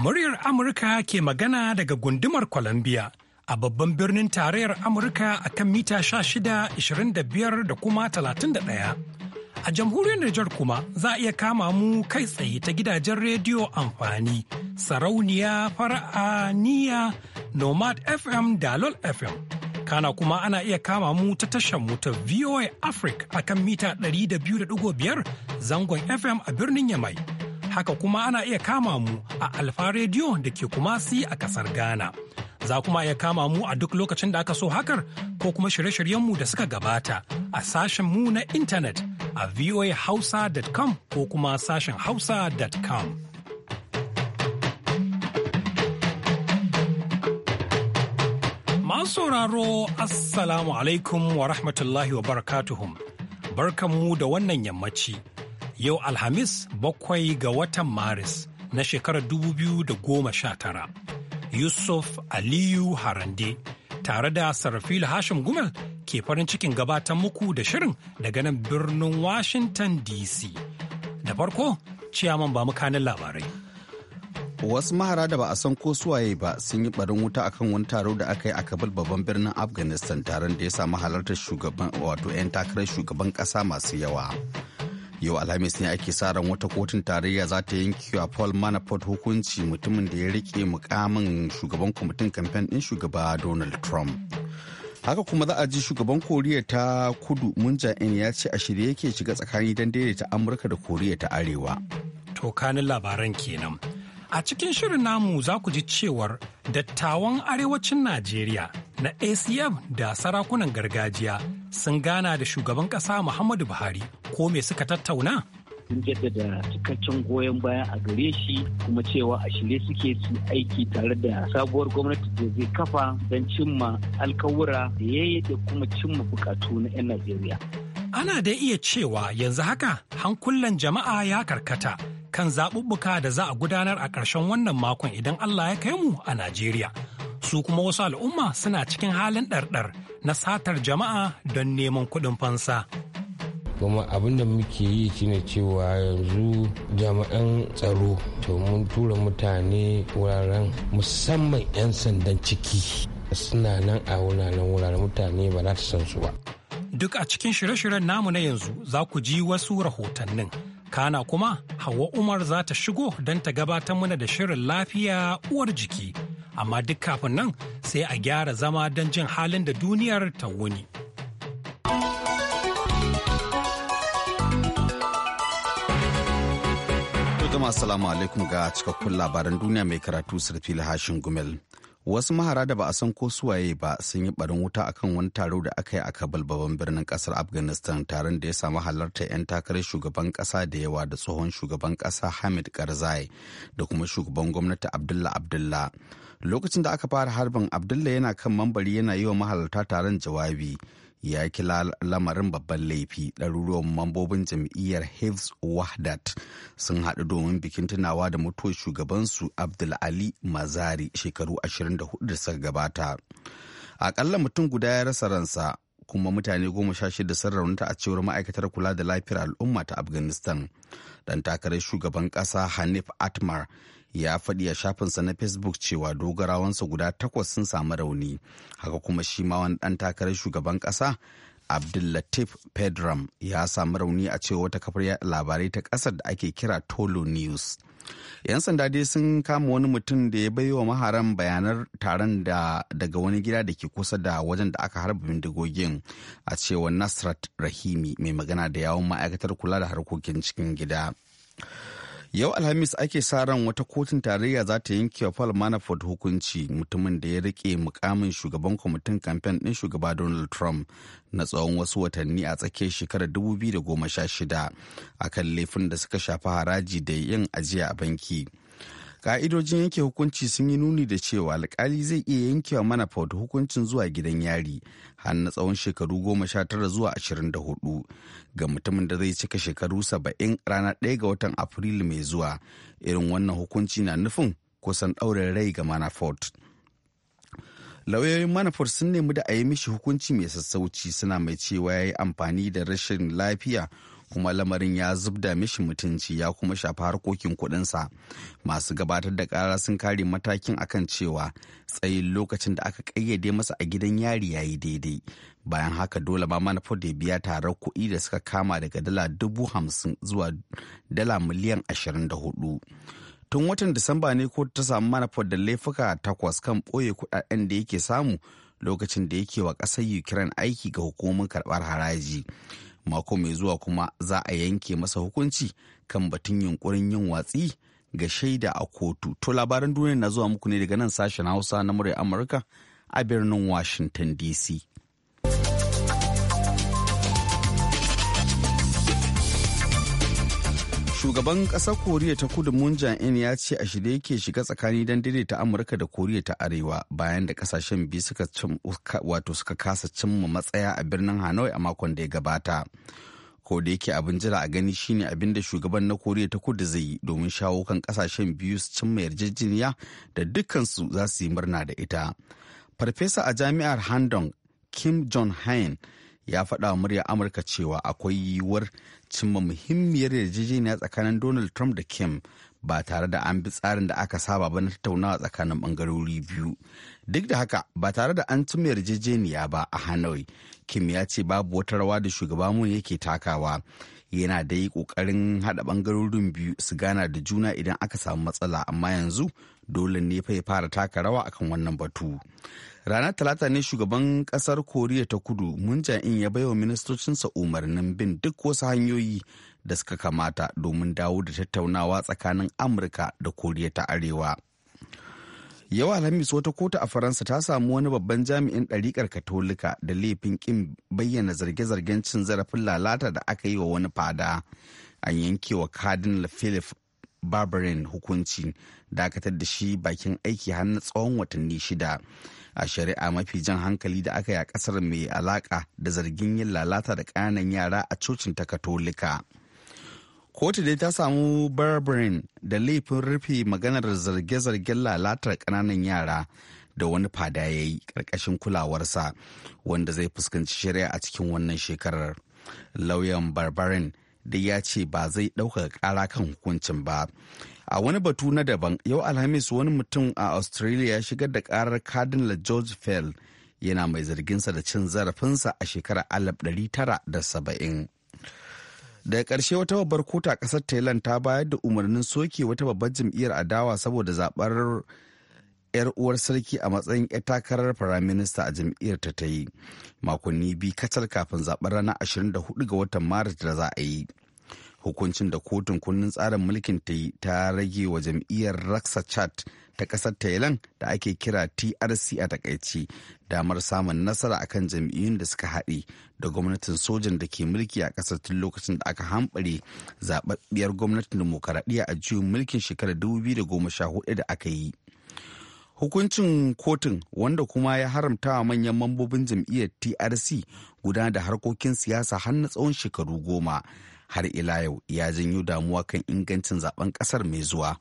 Muryar Amurka ke magana daga gundumar Columbia a babban birnin tarayyar Amurka a kan mita 16-25 da kuma ɗaya. A jamhuriyar Nijar kuma za a iya kama mu kai tsaye ta gidajen rediyo amfani, sarauniya fara'a niya Nomad FM da Lol FM. Kana kuma ana iya kama mu ta tashar mu ta VOA Africa a kan mita 200.5 zangon FM a birnin Yamai. Haka kuma ana iya kama mu a Alfa Radio da ke Kumasi a kasar Ghana. Za kuma iya kama mu a duk lokacin da aka so hakar ko kuma shirye-shiryenmu da suka gabata a sashen mu na intanet a voahausa.com ko kuma sashen hausa.com. Masu sauraro Assalamu alaikum wa rahmatullahi wa barakatuhum. Barkanmu da wannan yammaci yau Alhamis bakwai ga watan Maris na shekarar dubu biyu da goma sha tara Yusuf Aliyu Harande tare da Sarfil Hashim Gumel ke farin cikin gabatar muku da shirin daga nan birnin Washington DC. Da farko, ciyaman ba mukanin labarai. Wasu mahara da ba a san ko suwaye ba sun yi barin wuta akan wani taro da aka yi a Kabul babban birnin Afghanistan taron da ya samu halartar shugaban wato 'yan takarar shugaban kasa masu yawa. yau alhamis ne ake sa ran wata kotun tarayya za ta yanke wa paul manafort hukunci mutumin da ya rike mukamin shugaban kwamitin kamfen din shugaba donald trump haka kuma za a ji shugaban koriya ta kudu munja'in ya ce a shirye yake shiga tsakani don daidaita amurka da koriya ta arewa to kanin labaran kenan a cikin shirin namu za ku ji cewar dattawan arewacin najeriya na acf da sarakunan gargajiya sun gana da shugaban ƙasa Muhammadu Buhari ko me suka tattauna? sun jaddada cikakken goyon baya a gare shi kuma cewa a shirye suke su aiki tare da sabuwar gwamnati da zai kafa don cimma alkawura da ya da kuma cimma bukatu na 'yan najeriya ana dai iya cewa yanzu haka hankulan jama'a ya karkata kan zaɓuɓɓuka da za a gudanar a ƙarshen wannan makon idan allah ya kai mu a najeriya su kuma wasu al'umma suna cikin halin ɗarɗar na satar jama'a don neman kuɗin fansa. kuma abin da muke yi shine cewa yanzu jami'an tsaro to mun tura mutane wuraren musamman 'yan sandan ciki suna nan a wuraren wuraren mutane ba za ta san su ba duk a cikin shirye-shiryen namu na yanzu za ku ji wasu rahotannin kana kuma hawa umar za ta shigo don ta gabatar mana da shirin lafiya uwar jiki amma duk kafin nan sai a gyara zama don jin halin da duniyar ta wuni. Jama'a salamu alaikum ga cikakkun labaran duniya mai karatu sarfi hashin gumel. wasu mahara da ba a san ko suwaye ba sun yi barin wuta akan wani taro da aka yi a kabul babban birnin kasar afghanistan taron da ya samu halarta 'yan takarar shugaban kasa da yawa da tsohon shugaban kasa hamid karzai da kuma shugaban gwamnati abdullah abdullah lokacin da aka fara harbin abdullah yana kan mambari yana yi wa mahalarta taron jawabi ya kila lamarin babban laifi ɗaruruwan mambobin jam'iyyar hifz wahdat sun haɗu domin bikin tunawa da mutuwar shugabansu abdul ali mazari shekaru 24 da suka gabata akalla mutum guda ya rasa ransa kuma mutane goma sha shida sun raunta a cewar ma'aikatar kula da lafiyar al'umma ta afghanistan dan takarar shugaban ƙasa hanif atmar ya faɗi a shafinsa na facebook cewa dogarawansa guda takwas sun samu rauni haka kuma shi ma wani ɗan takarar shugaban ƙasa abdullatif pedram ya samu rauni a cewa wata kafar labarai ta kasar da ake kira tolo news yan sanda dai sun kama wani mutum da ya baiwa maharan bayanar taron da daga wani gida da ke kusa da wajen da aka harba bindigogin a cewa nasrat rahimi mai magana da yawon ma'aikatar kula da harkokin cikin gida Yau Alhamis ake sa ran wata kotun tarayya za ta yanke wa Paul Manafort hukunci mutumin da ya rike mukamin shugaban kwamitin kamfen ɗin shugaba Donald Trump na tsawon wasu watanni a tsakiyar shekarar 2016 a kan laifin da suka shafi haraji da yin ajiya a banki. ka'idojin yanke hukunci sun yi nuni da cewa alkali zai iya yanke yankewa manafort hukuncin zuwa gidan yari har na tsawon shekaru goma sha tara zuwa ashirin da hudu ga mutumin da zai cika shekaru saba'in rana ɗaya ga watan afrilu mai zuwa irin wannan hukunci na nufin kusan ɗaurin rai ga manafort lauyoyin manafort sun nemi da a yi mishi hukunci mai sassauci suna mai cewa ya yi amfani da rashin lafiya kuma lamarin ya zubda mishi mutunci ya kuma shafi harkokin kudinsa masu gabatar da kara sun kare matakin akan cewa tsayin lokacin da aka kayyade masa a gidan yari ya yi daidai bayan haka dole ba manufar da biya tarar kuɗi da suka kama daga dala dubu hamsin zuwa dala miliyan ashirin da hudu tun watan disamba ne ko ta samu manufar da laifuka takwas kan ɓoye kuɗaɗen da yake samu lokacin da yake wa ƙasar ukraine aiki ga hukumomin karɓar haraji mako mai zuwa kuma za a yanke masa hukunci kan batun yunkurin yin watsi ga shaida a kotu to labaran duniya na zuwa muku ne daga nan sashen hausa na murya amurka a birnin washington dc shugaban ƙasar koriya ta kudu moon in ya ce a shirye yake shiga tsakani don daidaita amurka da koriya ta arewa bayan da kasashen biyu suka cim wato suka kasa cimma matsaya a birnin hanoi a makon da ya gabata ko da yake abin jira a gani shine abin da shugaban na koriya ta kudu zai yi domin shawo kan kasashen biyu su cimma yarjejeniya da dukkansu za su yi murna da ita farfesa a jami'ar handong kim john hain ya faɗa wa murya amurka cewa akwai yiwuwar cimma muhimmiyar yarjejeniya tsakanin Donald Trump da Kim ba tare da an bi tsarin da aka saba ba na tattaunawa tsakanin bangarori biyu. Duk da haka ba tare da an cimma yarjejeniya ba a Hanoi, Kim ya ce babu wata rawa da shugaba mun yake takawa. Yana da yi ƙoƙarin haɗa bangarorin biyu su gana da juna idan aka samu matsala amma yanzu dole ne fa ya fara taka rawa akan wannan batu. ranar talata ne shugaban kasar koriya ta kudu mun in ya baiwa ministocinsa umarnin bin duk wasu hanyoyi da suka kamata domin dawo da tattaunawa tsakanin amurka da koriya ta arewa yawa alhamis wata kotu a faransa ta samu wani babban jami'in ɗariƙar katolika da laifin ƙin bayyana zarge-zargen cin zarafin lalata da aka yi wa wani fada an wa kadin philip barbarin hukunci dakatar da shi bakin aiki har na tsawon watanni shida a shari'a mafi jan hankali da aka yi a kasar mai alaka da zargin yin lalata da ƙananan yara a cocin ta katolika kotu dai ta samu barbarin da laifin rufe maganar zarge-zargen lalatar ƙananan yara da wani fada ya yi ƙarƙashin kulawarsa wanda zai fuskanci shari'a a cikin wannan shekarar lauyan barbarin da ya ce ba zai ɗaukaka ƙara kan hukuncin ba. A wani batu na daban, yau Alhamis wani mutum a Australia ya shigar da ƙarar Cardinal George Fell yana mai zarginsa da cin zarafinsa a shekarar 1970. daga ƙarshe wata babbar kota ƙasar thailand ta bayar da umarnin soke wata babbar jam'iyyar adawa saboda zaɓar 'yar uwar sarki a matsayin 'yar takarar firaminista a jam'iyyar ta ta yi makonni biyu kacal kafin zaben ranar 24 ga watan maris da za a yi hukuncin da kotun kundin tsarin mulkin ta yi ta rage wa jam'iyyar raksa chat ta kasar thailand da ake kira trc a takaici damar samun nasara a kan jam'iyyun da suka haɗe da gwamnatin sojan da ke mulki a ƙasar tun lokacin da aka hamɓare zaɓaɓɓiyar gwamnatin demokaradiyya a juyin mulkin shekarar 2014 da aka yi hukuncin kotun wanda kuma ya haramta wa manyan mambobin jam'iyyar trc guda da harkokin siyasa har na tsawon shekaru goma har ila yau ya janyo damuwa kan ingancin zaben kasar mai zuwa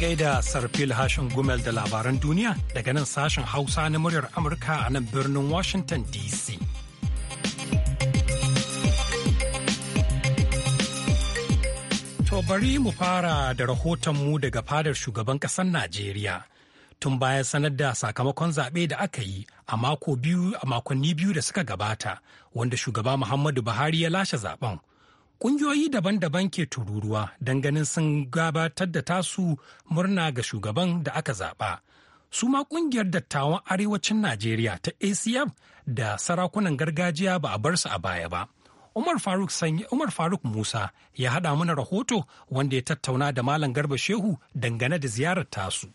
gaida sarfil hashin gumel da labaran duniya daga nan sashen hausa na muryar amurka a nan birnin washington dc To bari mu fara da rahotonmu daga fadar shugaban ƙasar Najeriya. Tun bayan sanar da sakamakon zaɓe da aka yi a mako biyu a makonni biyu da suka gabata, wanda shugaba Muhammadu Buhari ya lashe zaɓen. Ƙungiyoyi daban-daban ke tururuwa don ganin sun gabatar da tasu murna ga shugaban da aka zaɓa. Su ma ƙungiyar dattawan arewacin Najeriya ta ACF da sarakunan gargajiya ba a bar su a baya ba. Umar Faruk Sanyi Umar Faruk Musa ya haɗa mana rahoto wanda ya tattauna da Malam Garba Shehu dangane da ziyarar tasu.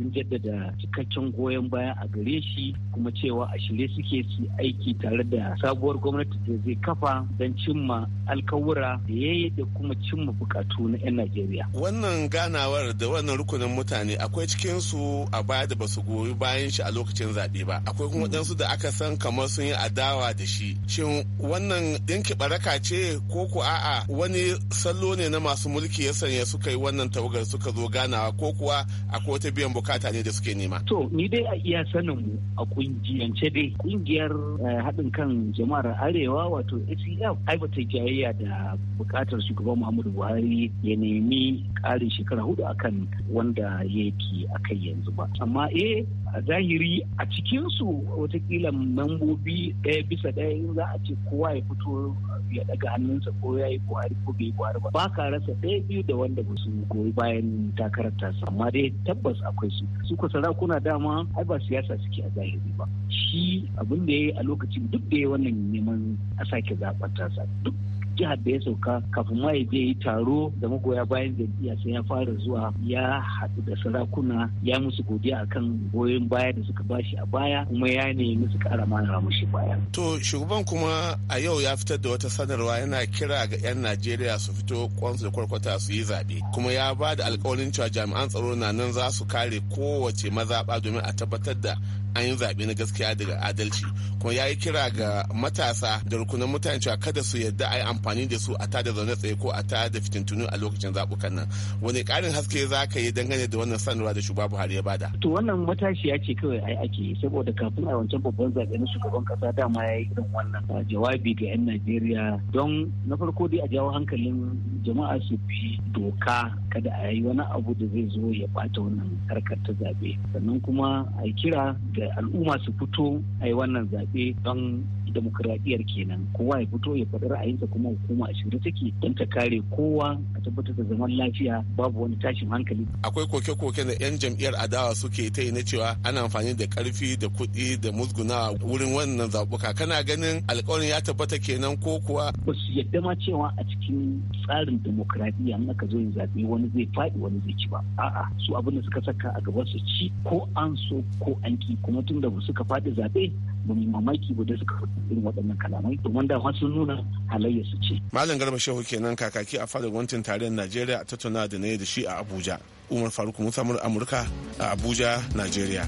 sun jaddada cikakken goyon baya a gare shi kuma cewa a shirye suke su aiki tare da sabuwar gwamnati da zai kafa don cimma alkawura da ya yi da kuma cimma bukatu na 'yan Najeriya. Wannan ganawar da wannan rukunin mutane akwai cikin su a baya da basu goyi bayan shi a lokacin zaɓe ba. Akwai kuma waɗansu da aka san kamar sun yi adawa da shi. Shin wannan yanke baraka ce ko ko a'a wani salo ne na masu mulki ya sanya suka yi wannan tawagar suka zo ganawa ko kuwa akwai wata biyan bukatu bukata ne da suke nema. To ni dai a iya sanin mu a kungiyance dai kungiyar eh, haɗin kan jama'ar arewa wato ACF e ai ba jayayya da bukatar shugaban Muhammadu Buhari ya nemi ƙarin shekara hudu akan wanda yake kai yanzu ba. Amma eh a zahiri a cikinsu watakila mambobi ɗaya bisa ɗaya in za a ce kowa ya fito ya daga hannunsa ko ya yi buhari ko bai buhari ba ba ka rasa ɗaya biyu da wanda ba su goyi bayan takarar tasa amma dai tabbas akwai su su ko sarakuna dama ai ba siyasa suke a zahiri ba shi abin da ya yi a lokacin duk da ya wannan neman a sake zaɓar tasa duk jihar da ya sauka kafin ma ya je yi taro da magoya bayan jam'iyya sai ya fara zuwa ya haɗu da sarakuna ya musu godiya a kan goyon baya da suka bashi a baya kuma ya nemi su ƙara mara mushi baya. To shugaban kuma a yau ya fitar da wata sanarwa yana kira ga 'yan Najeriya su fito kwansu da kwarkwata su yi zaɓe kuma ya ba da alƙawarin cewa jami'an tsaro na nan za su kare kowace mazaɓa domin a tabbatar da an yi zaɓe na gaskiya daga adalci kuma ya yi kira ga matasa da rukunan mutane cewa kada su yarda a yi amfani amfani da su a ta da zaune tsaye ko a ta da fitintunu a lokacin zabukan nan wani karin haske za ka yi dangane da wannan sanarwa da shugaba buhari ya bada. to wannan matashiya ce kawai ai ake saboda kafin a wancan babban zaɓe na shugaban ƙasa dama ya yi irin wannan ah, jawabi ga 'yan najeriya don na farko dai a jawo hankalin jama'a su bi doka kada a yi wani abu da zai zo ya bata wannan harkar ta zaɓe sannan kuma a kira ga al'umma su fito a yi wannan zaɓe don demokuraɗiyar kenan kowa ya fito ya faɗi ra'ayinsa kuma hukuma a shirye take don ta kare kowa a tabbatar da zaman lafiya babu wani tashin hankali. Akwai koke-koke da 'yan jam'iyyar adawa suke ta yi na cewa ana amfani da ƙarfi da kuɗi da musguna wurin wannan zaɓuka kana ganin alƙawarin ya tabbata kenan ko kuwa. Ba su yadda ma cewa a cikin tsarin demokuraɗiyya in aka zo yin zaɓe wani zai faɗi wani zai ci ba. A'a su abin da suka saka a gaba su ci ko an so ko an ki kuma tun da suka faɗi zaɓe ba mamaki ba suka irin waɗannan kalamai domin da sun nuna halayya su ce. Malam Garba Shehu kenan kakaki a fadar gwamnatin tarayyar Najeriya a tattauna da ne da shi a Abuja. Umar Faruk Musa Amurka a Abuja, Najeriya.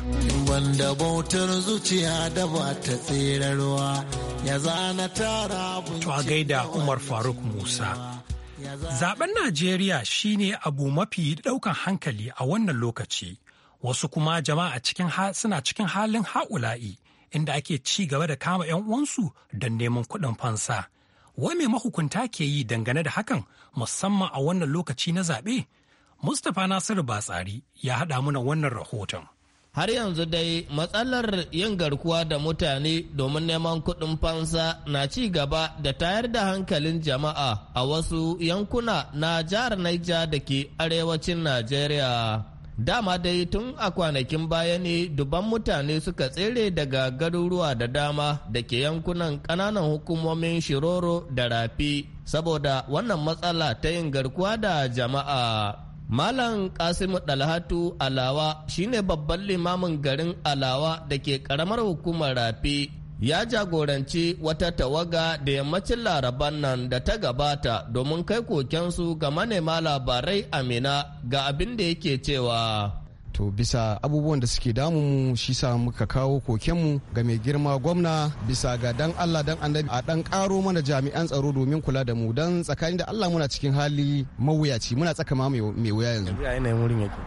Wanda bautar zuciya da ba ta tserarwa ya zana tara To a gaida Umar Faruk Musa. Zaben Najeriya shine abu mafi ɗaukan hankali a wannan lokaci. Wasu kuma jama'a cikin suna cikin halin ha'ula'i inda ake ci gaba da kama 'yan uwansu don neman kuɗin fansa. Wai mai mahukunta ke yi dangane da hakan musamman a wannan lokaci na zaɓe? Mustapha Nasiru Batsari ya haɗa mana wannan rahoton. har yanzu dai matsalar yin garkuwa da mutane domin neman kuɗin fansa na ci gaba da tayar da hankalin jama'a a wasu yankuna na jihar Naija da ke arewacin Najeriya. Dama dai tun a kwanakin baya ne duban mutane suka tsere daga garuruwa da dama da ke yankunan kananan hukumomin Shiroro da Rafi saboda wannan matsala ta yin garkuwa da jama'a. Malam Kasimu Dalhatu Alawa shine babban limamin garin Alawa da ke karamar hukumar Rafi ya jagoranci wata tawaga da yammacin laraban nan da ta gabata domin kai kokensu ga manema labarai amina ga abin da yake cewa to bisa abubuwan da suke damun mu shi sa muka kawo kokenmu ga mai girma gwamna bisa ga dan Allah dan annabi a dan karo mana jami'an tsaro domin kula da mu dan tsakanin da Allah muna cikin hali mawuyaci muna tsaka ma mai wuya yanzu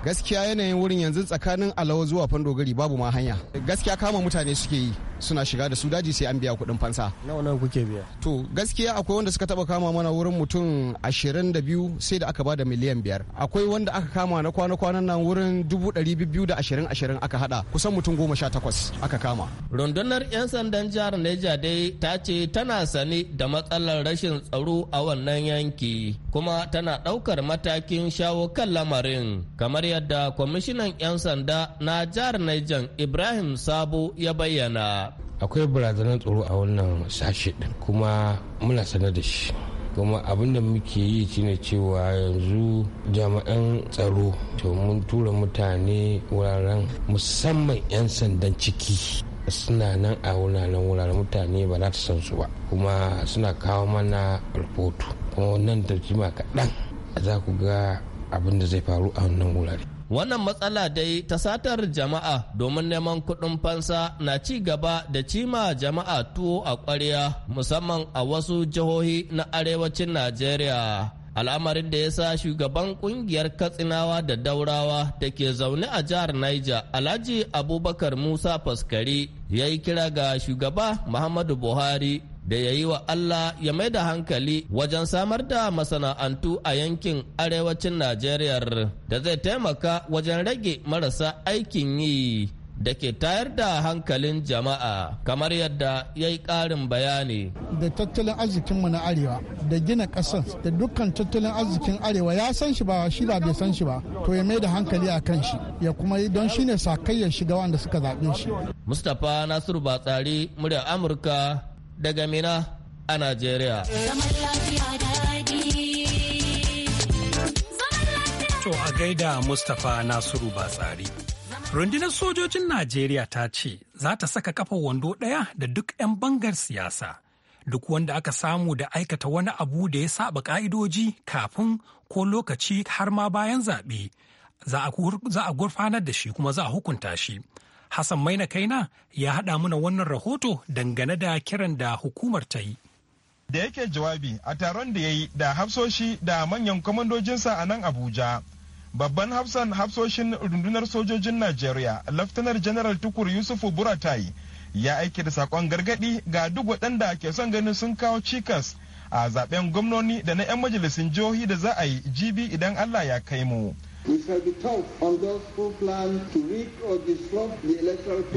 gaskiya yanayin wurin yanzu tsakanin alawa zuwa fandogari babu ma hanya gaskiya kama mutane suke yi suna shiga da su daji sai an biya kuɗin fansa. Nawa nawa kuke biya? To gaskiya akwai wanda suka taba kama mana wurin mutum ashirin da biyu sai da aka ba da miliyan biyar. Akwai wanda aka kama na kwana-kwanan nan wurin dubu ashirin aka hada kusan mutum goma sha takwas aka kama. Rundunar 'yan sandan jihar Neja dai ta ce tana sani da matsalar rashin tsaro a wannan yanki kuma tana ɗaukar matakin shawo kan lamarin kamar yadda kwamishinan 'yan sanda na jihar Niger Ibrahim Sabo ya bayyana. Akwai barazanar tsaro a wannan sashe kuma muna sanar da shi. kuma abin da muke yi shine cewa yanzu jami'an tsaro to mun tura mutane wuraren musamman 'yan sandan ciki suna nan a wuraren wuraren mutane ba za ta san su ba kuma suna kawo mana rahoto kuma wannan tarjima kaɗan za ku ga abin da zai faru a wannan wurare Wannan matsala dai ta satar jama'a domin neman kuɗin fansa na ci gaba da cima jama'a tuwo a ƙwarya musamman a wasu jihohi na arewacin Najeriya. al'amarin da ya sa shugaban kungiyar katsinawa da daurawa da ke zaune a jihar Niger alhaji abubakar musa faskari ya yi kira ga shugaba muhammadu buhari da ya yi wa Allah ya mai da hankali wajen samar da masana'antu a yankin arewacin Najeriya da zai taimaka wajen rage marasa aikin yi da ke tayar da hankalin jama'a kamar yadda ya yi ƙarin bayani. Da tattalin arzikinmu na arewa da gina ƙasar da dukkan tattalin arzikin arewa ya san shi ba shi ba bai san shi ba to ya mai da hankali a kan shi ya kuma yi don shi ne sakayyar shiga wanda suka zaɓe shi. Mustapha Nasiru Batsari murya Amurka daga Mina a Najeriya. To a gaida Mustapha Nasiru Batsari. Rundunar sojojin Najeriya ta ce za ta saka kafa wando ɗaya da duk 'yan bangar siyasa. Duk wanda aka samu da aikata wani abu da ya saba ka'idoji kafin ko lokaci har ma bayan zaɓe za a gurfanar da shi kuma za a hukunta shi. Hassan Maina Kaina ya haɗa mana wannan rahoto dangane da kiran da hukumar ta yi. Da yake jawabi a taron da ya yi da hafsoshi da manyan kwamandojinsa a nan Abuja. Babban hafsan hafsoshin rundunar sojojin Najeriya, Laftanar General Tukur Yusufu Buratai, ya aiki da saƙon gargaɗi ga duk waɗanda ke son ganin sun kawo cikas a zaɓen gwamnoni da na 'yan majalisun jihohi da za a yi jibi idan Allah ya kai mu.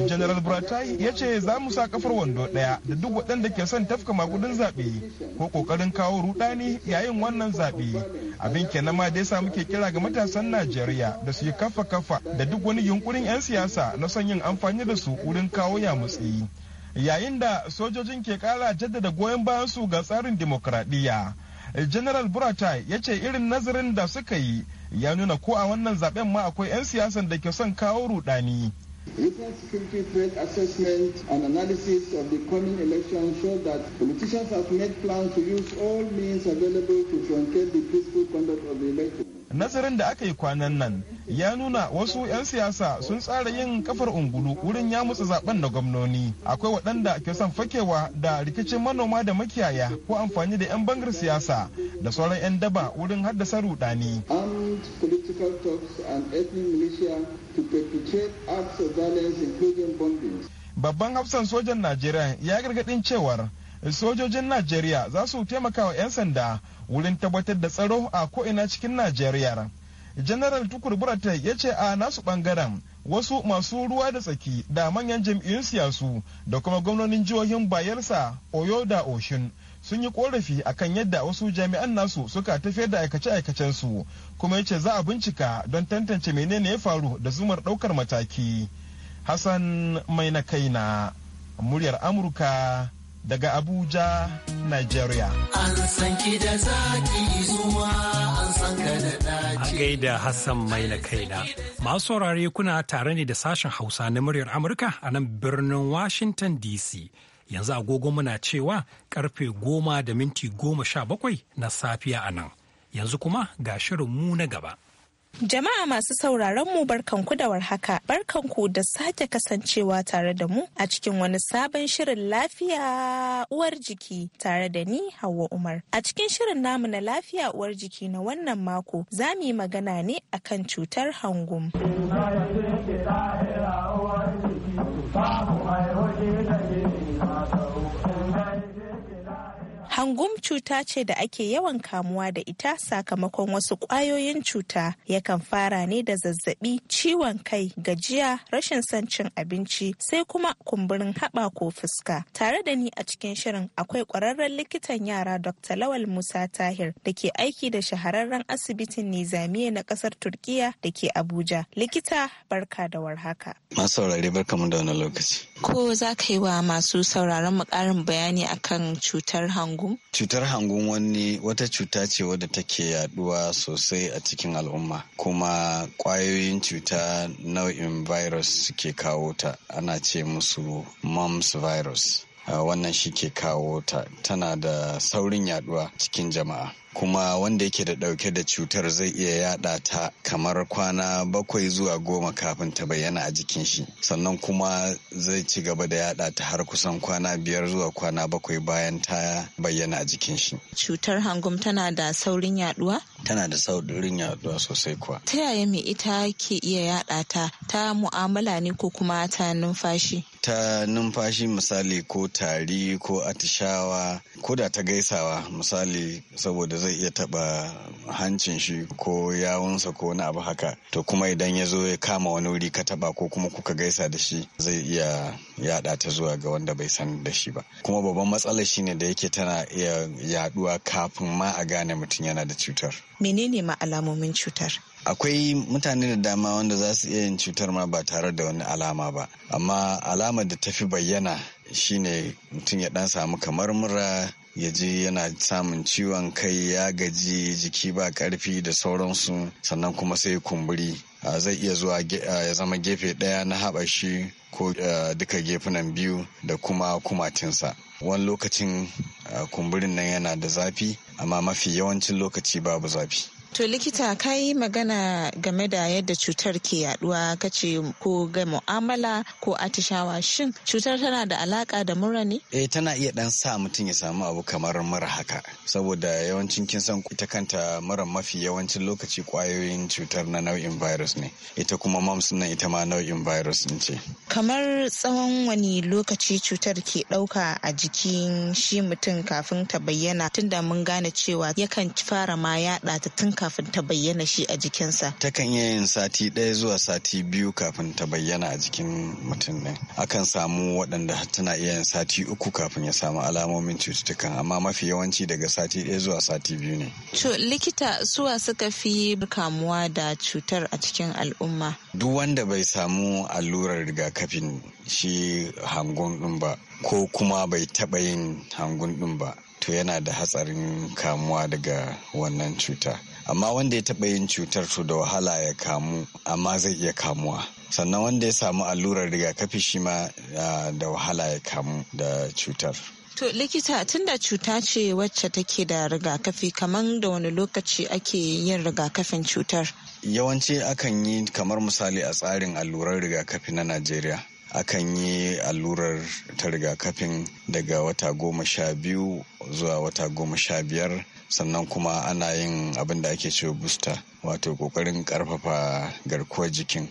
General Buratai ya ce za mu sa kafar wando ɗaya da duk waɗanda ke son tafka makudin zaɓe ko ƙoƙarin kawo rudani yayin wannan zaɓe. Abin kenan ma dai sa muke kira ga matasan Najeriya da su yi kafa kafa da duk wani yunkurin 'yan siyasa na son yin amfani da su wurin kawo yamutsi. Yayin da sojojin ke ƙara jaddada goyon bayan su ga tsarin dimokuraɗiyya. general burata ya ce irin nazarin da suka yi ya nuna ko a wannan zaben ma akwai 'yan siyasan da ke son kawo rudani Recent security threat assessment and analysis of the coming election show that politicians have made plans to use all means available to truncate the peaceful conduct of the election. nazarin da aka yi kwanan nan ya nuna wasu 'yan siyasa sun tsara yin kafar ungulu wurin ya mutsa zaben na gwamnoni akwai waɗanda ke son fakewa da rikicin manoma da makiyaya ko amfani da 'yan bangar siyasa da sauran 'yan daba wurin haddasa rudani babban hafsan sojan najeriya ya gargadin cewar sojojin najeriya za su taimaka wa 'yan sanda wurin tabbatar da tsaro a ko'ina cikin najeriya janaral tukur burata ya ce a nasu bangaren wasu masu ruwa da tsaki da manyan jam'iyyun siyasu da kuma gwamnonin jihohin bayelsa oyo da oshin sun yi korafi akan yadda wasu jami'an nasu suka tafiyar da aikace-aikacen su kuma ya ce za a bincika don tantance menene ya faru da zumar ɗaukar mataki hassan mai na kaina muryar amurka daga Abuja, Nigeria. An san ki da zaki zuwa an san ka da dace. A gaida Hassan mai na kaina. Masu saurare kuna tare ne da sashen Hausa na muryar Amurka a nan birnin Washington DC. Yanzu agogo muna cewa karfe goma da minti goma sha bakwai na safiya a nan. Yanzu kuma ga shirin mu na gaba. Jama'a masu sauraron mu barkanku da warhaka, barkanku da sake kasancewa tare da mu a cikin wani sabon shirin lafiya uwar jiki tare da ni Hauwa Umar. A cikin shirin namu na lafiya uwar jiki na wannan mako za mu yi magana ne akan cutar hangum. hangum cuta ce da ake yawan kamuwa da ita sakamakon wasu ƙwayoyin cuta yakan fara ne da zazzabi ciwon kai gajiya rashin son cin abinci sai kuma kumburin haɓa ko fuska tare da ni a cikin shirin akwai ƙwararren likitan yara dr lawal musa tahir da ke aiki da shahararren asibitin nizamiya na ƙasar turkiya da ke abuja likita barka da warhaka masu saurare barka mu da wani lokaci ko za ka yi wa masu sauraron mu ƙarin bayani akan cutar hangu Cutar hangun wani wata cuta ce wadda take yaduwa sosai a cikin al'umma kuma kwayoyin cuta nau'in virus suke kawo ta ana ce musu mumps virus. Ah, wannan shi ke kawo ta tana da saurin yaduwa cikin jama'a kuma wanda yake da dauke da cutar zai iya yada ta kamar kwana bakwai zuwa goma kafin ta bayyana a jikin shi sannan kuma zai ci gaba da yada ta har kusan kwana biyar zuwa kwana bakwai bayan ta bayyana a jikin shi cutar hangum tana da saurin yaduwa tana da saurin yaduwa sosai kuwa ta yaya mai ita ke iya yada ta ta mu'amala ne ko kuma ta numfashi ta numfashi misali ko tari ko atishawa ko da ta gaisawa misali saboda zai iya taba hancin shi ko yawunsa ko wani abu haka to kuma idan ya zo ya kama wani wuri ka taba ko kuma kuka gaisa da shi zai iya yada ta zuwa ga wanda bai san da shi ba kuma babban matsalar ne da yake tana iya yaduwa kafin ma a gane mutum yana da cutar menene ma alamomin cutar akwai mutane da dama wanda za su iya yin cutar ma ba tare da wani alama ba amma alama da tafi bayyana bayyana shine mutum ya dan samu kamar mura ya ji yana samun ciwon kai ya gaji jiki ba karfi da sauransu sannan kuma sai kumburi a zai iya zuwa ya zama gefe ɗaya na haɓashi ko duka gefunan biyu da kuma kumatinsa wani lokacin kumburin nan yana da zafi amma mafi yawancin lokaci babu zafi To likita ka yi magana game da yadda cutar ke yaduwa kace ko ga mu'amala ko atishawa shin cutar tana da alaka da mura ne? Eh tana iya dan sa mutum ya samu abu kamar mura haka saboda yawancin kin san ita kanta mura mafi yawancin lokaci kwayoyin cutar na nau'in virus ne ita kuma mams nan ita ma nau'in virus ne ce. Kamar tsawon wani lokaci cutar ke dauka a jikin shi mutum kafin ta bayyana tunda mun gane cewa yakan fara ma yada ta tun kafin ta bayyana shi a jikinsa takan iya yin sati ɗaya zuwa sati biyu kafin ta bayyana a jikin mutum ɗin akan samu waɗanda tana iya yin sati uku kafin ya samu alamomin cututtukan amma mafi yawanci daga sati ɗaya zuwa sati biyu ne to likita suwa suka fi kamuwa da cutar a cikin al'umma duk wanda bai samu allurar rigakafin shi hangun ɗin ba ko kuma bai taɓa yin hangun ɗin ba to yana da hatsarin kamuwa daga wannan cuta amma wanda ya taba yin cutar to da wahala ya kamu amma zai iya kamuwa sannan wanda ya samu allurar rigakafi shi ma da wahala ya kamu da cutar To likita tunda cuta ce wacce take da rigakafi kamar da wani lokaci ake yin rigakafin cutar? Yawanci akan yi kamar misali a tsarin allurar rigakafi na Najeriya. Akan yi allurar ta rigakafin daga wata goma sha biyu zuwa wata goma sha biyar sannan kuma ana yin abin da ake cewa booster wato kokarin karfafa garkuwar jikin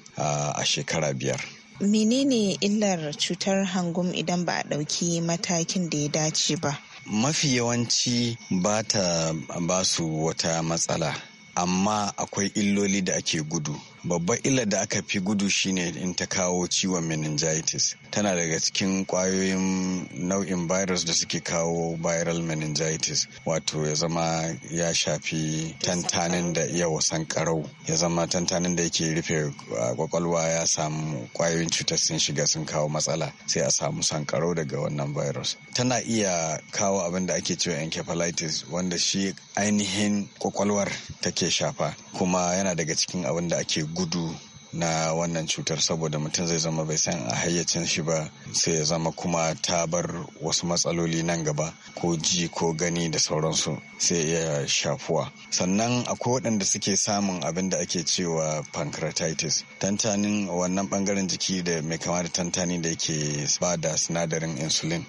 a shekara biyar menene illar cutar hangum idan ba a ɗauki matakin da ya dace ba mafi yawanci ba ta ba su wata matsala amma akwai illoli da ake gudu babban illar da aka fi gudu shine in ta kawo ciwon meningitis tana daga cikin kwayoyin nau'in virus da suke kawo viral meningitis wato ya zama ya shafi tantanin da wasan sankarau ya zama tantanin da yake rufe kwakwalwa ya samu kwayoyin cutar sun shiga sun kawo matsala sai a samu sankarau daga wannan virus tana iya kawo abin da ake cewa encephalitis wanda shi ainihin kwakwalwar take shafa kuma yana daga cikin abin da ake gudu na wannan cutar saboda mutum zai zama bai san a hayyacin shi ba sai ya zama kuma ta bar wasu matsaloli nan gaba ko ji ko gani da sauransu sai ya shafuwa sannan akwai waɗanda suke samun abin da ake cewa pancreatitis tantanin wannan ɓangaren jiki da mai kama da tantani da yake ba da sinadarin insulin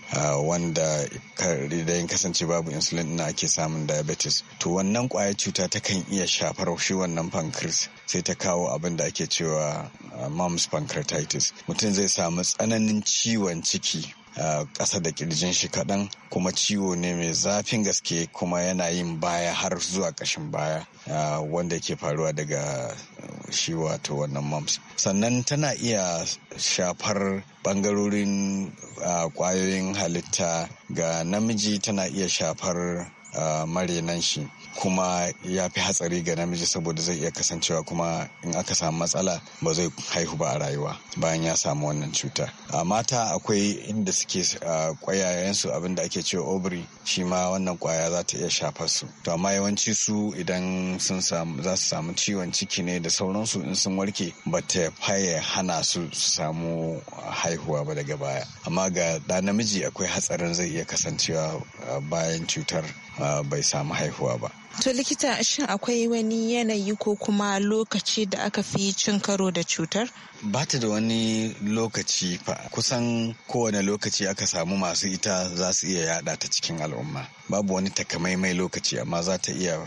wanda idan kasance babu insulin na ake samun diabetes to wannan kwayar cuta takan iya shafar shi wannan pancreas sai ta kawo abin da ake cewa uh, mom's pancreatitis mutum zai samu tsananin ciwon ciki a uh, ƙasa da ƙirjin shi kaɗan kuma ciwo ne mai zafin gaske kuma yana yin baya har zuwa ƙashin baya uh, wanda ke faruwa daga shi wato wannan mumps sannan tana iya shafar ɓangarorin ƙwayoyin halitta ga namiji tana iya shafar marenan shi kuma ya fi hatsari ga namiji saboda zai iya kasancewa kuma in aka samu matsala ba zai haihu ba a rayuwa bayan ya samu wannan cuta a mata akwai inda suke kwayayensu abin abinda ake cewa ovary shi ma wannan kwaya za ta iya shafar su to amma yawanci su idan sun samu za su samu ciwon ciki ne da sauransu in sun warke ba ta faye hana su samu haihuwa ba daga baya amma ga da namiji akwai hatsarin zai iya kasancewa bayan cutar bai samu haihuwa ba To likita shin akwai wani yanayi ko kuma lokaci da aka fi cin karo da cutar? Ba ta da wani lokaci fa kusan kowane lokaci aka samu masu ita za su iya yada ta cikin al'umma. Babu wani takamaimai lokaci amma za ta iya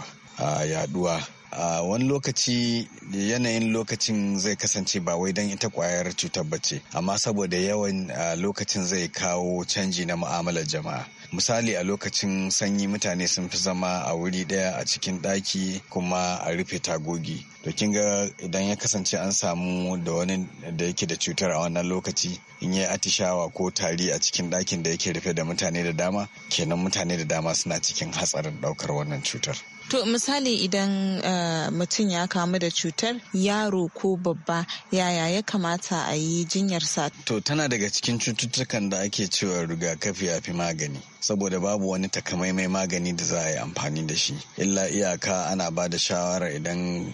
yaduwa a uh, wani lokaci yanayin lokacin zai kasance ba wai don ita kwayar cutar ba ce amma saboda yawan uh, lokacin zai kawo canji na mu'amalar jama'a misali a lokacin sanyi mutane sun fi zama a wuri daya a cikin daki kuma a rufe tagogi to kin ga idan ya kasance an samu da wani da yake da cutar a wannan lokaci in yi atishawa ko tari a cikin dakin da yake rufe da mutane da dama kenan mutane da dama suna cikin hatsarin daukar wannan cutar To misali idan uh, mutum ya kamu da cutar yaro ko babba yaya ya kamata a yi jinyarsa? To tana daga cikin cututtukan da ake cewa rigakafi ya fi magani. saboda babu wani takamaimai magani da za a yi amfani da shi illa iyaka ana ba da shawara idan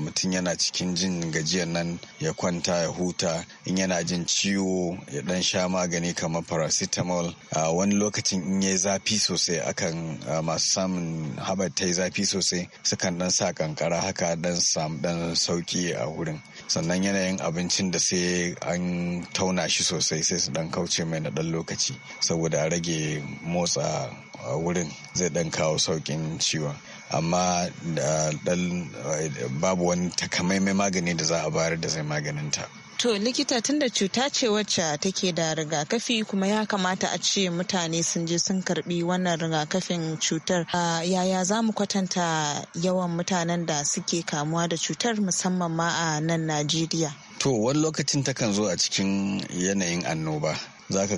mutum yana cikin jin gajiyar nan ya kwanta ya huta in yana jin ciwo ya dan sha magani kamar paracetamol a wani lokacin in ya zafi sosai akan masu samun haɓar ta zafi sosai sukan dan sa kankara haka dan samu dan sauki a wurin sannan yanayin abincin da sai an tauna shi sosai sai su dan kauce mai na dan lokaci saboda a rage motsa wurin zai dan kawo saukin ciwon amma babu wani takamaiman magani da za a bayar da zai maganinta. To likita tunda cuta ce wacce take da rigakafi kuma ya kamata a ce mutane sun je sun karbi wannan rigakafin cutar. Yaya za mu kwatanta yawan mutanen da suke kamuwa da cutar musamman ma a nan Najeriya? To wani lokacin takan zo a cikin yanayin annoba. za ga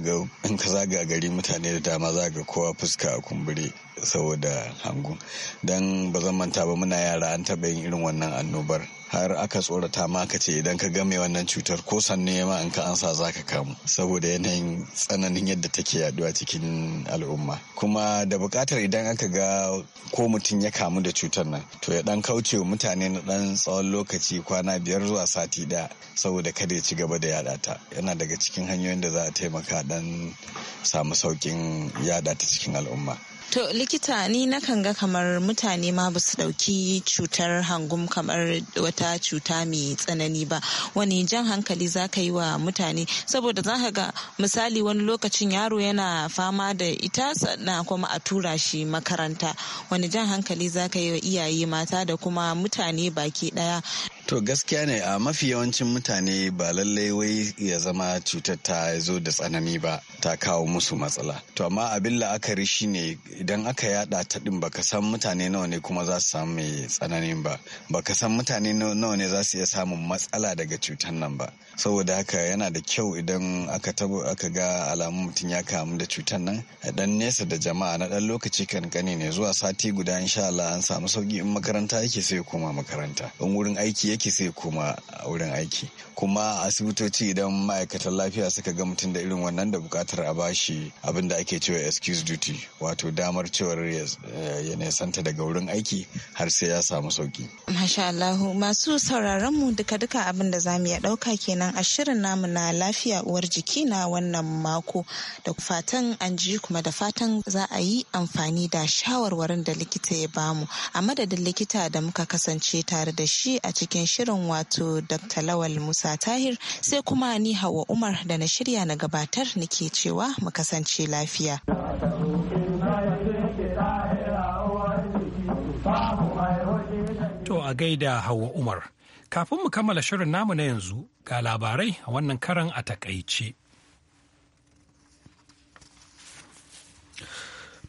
in ka zaga gari mutane da dama za ga kowa fuska a kumbure saboda hangu don ba zan manta ba muna yara an taɓa yin irin wannan annobar har aka tsorata ma aka ce idan ka game wannan cutar ko sannu ya in ka ansa za ka kamu saboda yanayin tsananin yadda take yaduwa cikin al'umma kuma da bukatar idan aka ga ko mutum ya kamu da cutar nan to ya dan kauce wa mutane na dan tsawon lokaci kwana biyar zuwa sati ɗaya saboda kada ya ci gaba da yada ta yana daga cikin hanyoyin da za a taimaka dan samu saukin yada ta cikin al'umma To likita ni nakan ga kamar mutane ma ba su ɗauki cutar hangum kamar wata cuta mai tsanani ba wani jan hankali za ka yi wa mutane saboda za ka ga misali wani lokacin yaro yana fama da ita na kuma a tura shi makaranta wani jan hankali za ka yi wa iyaye mata da kuma mutane baki ɗaya To gaskiya ne a mafi yawancin mutane ba lallai wai ya zama cutar ta zo da tsanani ba ta kawo musu matsala. To amma abin la'akari shi ne idan aka yada ta din baka san mutane nawa ne kuma za su samu mai tsanani ba. Baka san mutane nawa ne za su iya samun matsala daga cutar nan ba. Saboda haka yana da kyau idan aka tabo aka ga alamun mutum ya kamu da cutar nan a dan nesa da jama'a na dan lokaci kankani ne zuwa sati guda insha Allah an samu sauki in makaranta yake sai kuma koma makaranta. In wurin aiki yake sai kuma a wurin aiki kuma asibitoci idan ma'aikatan lafiya suka ga mutum da irin wannan da bukatar a bashi abin da ake cewa excuse duty wato damar cewar ya nesanta daga wurin aiki har sai ya samu sauki. Masha Allah masu sauraron mu duka-duka abin da zamu ya ɗauka kenan a shirin namu na lafiya uwar jiki na wannan mako da fatan an ji kuma da fatan za a yi amfani da shawarwarin da likita ya bamu a madadin likita da muka kasance tare da shi a cikin shirin wato Dr. Lawal Musa Tahir sai kuma ni Hawa Umar da na shirya na gabatar nake cewa mu kasance lafiya. To a gaida Hawa Umar. Kafin mu kammala shirin namu na yanzu ga labarai a wannan karan a takaice.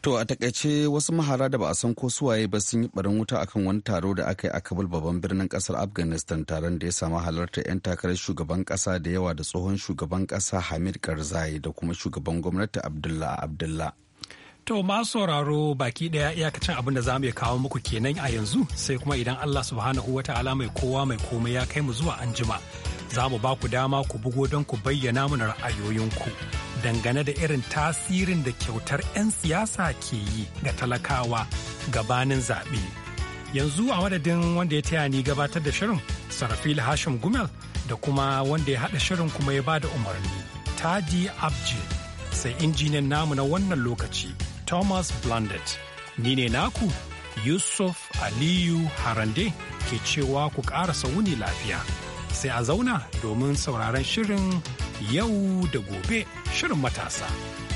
To a takaice wasu mahara da ba a san ko suwaye ba sun yi barin wuta akan wani taro da aka yi a Kabul babban birnin kasar Afghanistan taron da ya samu halartar 'yan takarar shugaban kasa da yawa da tsohon shugaban kasa Hamid Karzai da kuma shugaban gwamnati Abdullah Abdullah. To masu sauraro baki daya iyakacin abin da za mu kawo muku kenan a yanzu sai kuma idan Allah subhanahu wa ta'ala mai kowa mai komai ya kai mu zuwa anjima za mu ba ku dama ku bugo don ku bayyana mana ra'ayoyinku. dangane da irin tasirin da kyautar 'yan siyasa ke yi ga talakawa gabanin zaɓe. Yanzu a madadin wanda ya taya ni gabatar da shirin Sarafil Hashim Gumel da kuma wanda ya haɗa shirin kuma ya bada umarni taji Abji sai injiniyan namu na wannan lokaci Thomas Blandet. Ni ne naku Yusuf Aliyu Harande ke cewa ku ƙara wuni lafiya. Sai a zauna domin sauraron shirin yau da gobe shirin matasa.